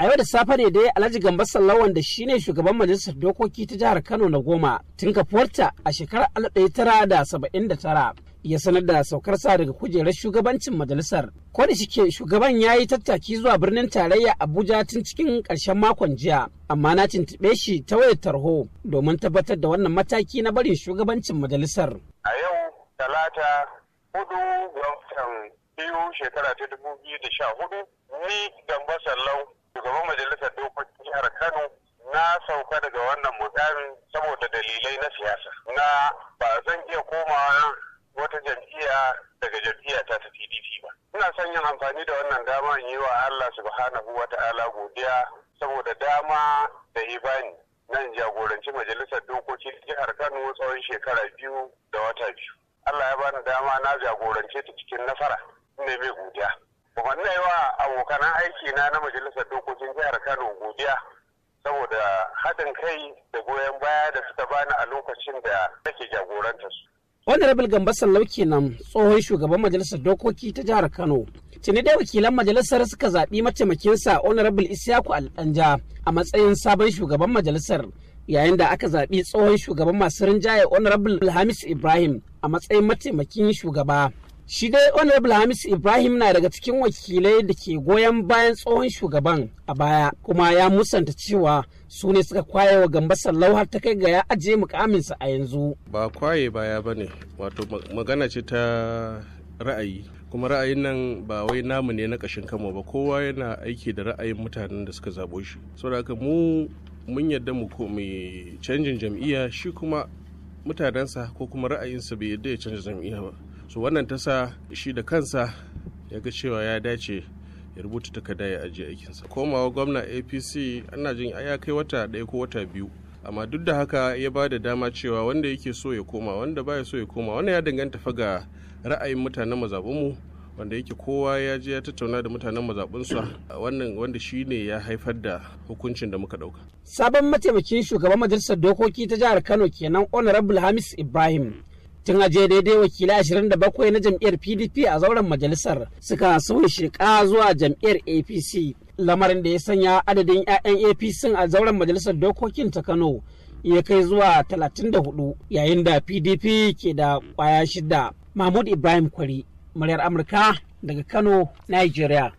a yau da safe ne dai alhaji gambar sallawan da shine shugaban majalisar dokoki ta jihar kano na goma tun kafuwarta a shekarar 1979 ya sanar da saukar sa daga kujerar shugabancin majalisar ko da shike shugaban ya yi tattaki zuwa birnin tarayya abuja tun cikin karshen makon jiya amma na tuntuɓe shi ta wayar tarho domin tabbatar da wannan mataki na barin shugabancin majalisar a yau talata hudu ga watan biyu shekara ta dubu biyu da sha hudu ni gambar sallau shugaban majalisar dokokin jihar Kano na sauka daga wannan mukamin saboda dalilai na siyasa na ba zan iya komawa wata jam'iyya daga jam'iyya ta ta PDP ba ina son yin amfani da wannan dama in yi wa Allah subhanahu wa ta'ala godiya saboda dama da ibani nan jagoranci majalisar dokokin jihar Kano tsawon shekara biyu da wata biyu Allah ya bani dama na jagorance ta cikin nasara ne mai godiya kuma ina yi wa abokanan aiki na na majalisar godiya saboda haɗin kai da goyon baya da suka bani a lokacin da nake jagorantar su. Honorable Gambar Sallau kenan tsohon shugaban majalisar dokoki ta jihar Kano. Tuni dai wakilan majalisar suka zaɓi mataimakinsa Honorable Isiyaku alɗanja a matsayin sabon shugaban majalisar yayin da aka zaɓi tsohon shugaban masu rinjaye Honorable Alhamis Ibrahim a matsayin mataimakin shugaba. Shi dai Honorable Hamis Ibrahim na daga cikin wakilai da ke goyon bayan tsohon shugaban a baya kuma ya musanta cewa su ne suka kwaye wa gambasar lauhar ta kai ga ya ajiye mukaminsa a yanzu. Ba kwaye baya ba ne, wato magana ce ta ra'ayi. kuma ra'ayin nan ba wai namu ne na kashin kama ba kowa yana aiki da ra'ayin mutanen da suka zaɓo shi saboda haka mu mun yadda mu ko mai canjin jam'iyya shi kuma mutanensa ko kuma ra'ayinsa bai yadda ya canza jam'iyya ba so wannan ta sa shi da kansa ya ga cewa ya dace ya rubuta takarda ya ajiye aikinsa komawa gwamna apc ana jin ya kai wata ɗaya ko wata biyu amma duk da haka ya ba da dama cewa wanda yake so ya koma wanda baya so ya koma wannan ya danganta fa ga ra'ayin mutanen mu wanda yake kowa ya je ya tattauna da mutanen mazaɓinsa wannan wanda shi ne ya haifar da hukuncin da muka ɗauka. sabon mataimakin shugaban majalisar dokoki ta jihar kano kenan honorable hamis ibrahim tun aje daidai wakilai bakwai na jam'iyyar pdp a zauren majalisar suka sauya sheka zuwa jam'iyyar apc lamarin da ya sanya adadin 'ya'yan apc a zauren majalisar dokokin ta kano ya kai zuwa 34 yayin da pdp ke da kwaya shida mahmud ibrahim kwari muryar amurka daga kano nigeria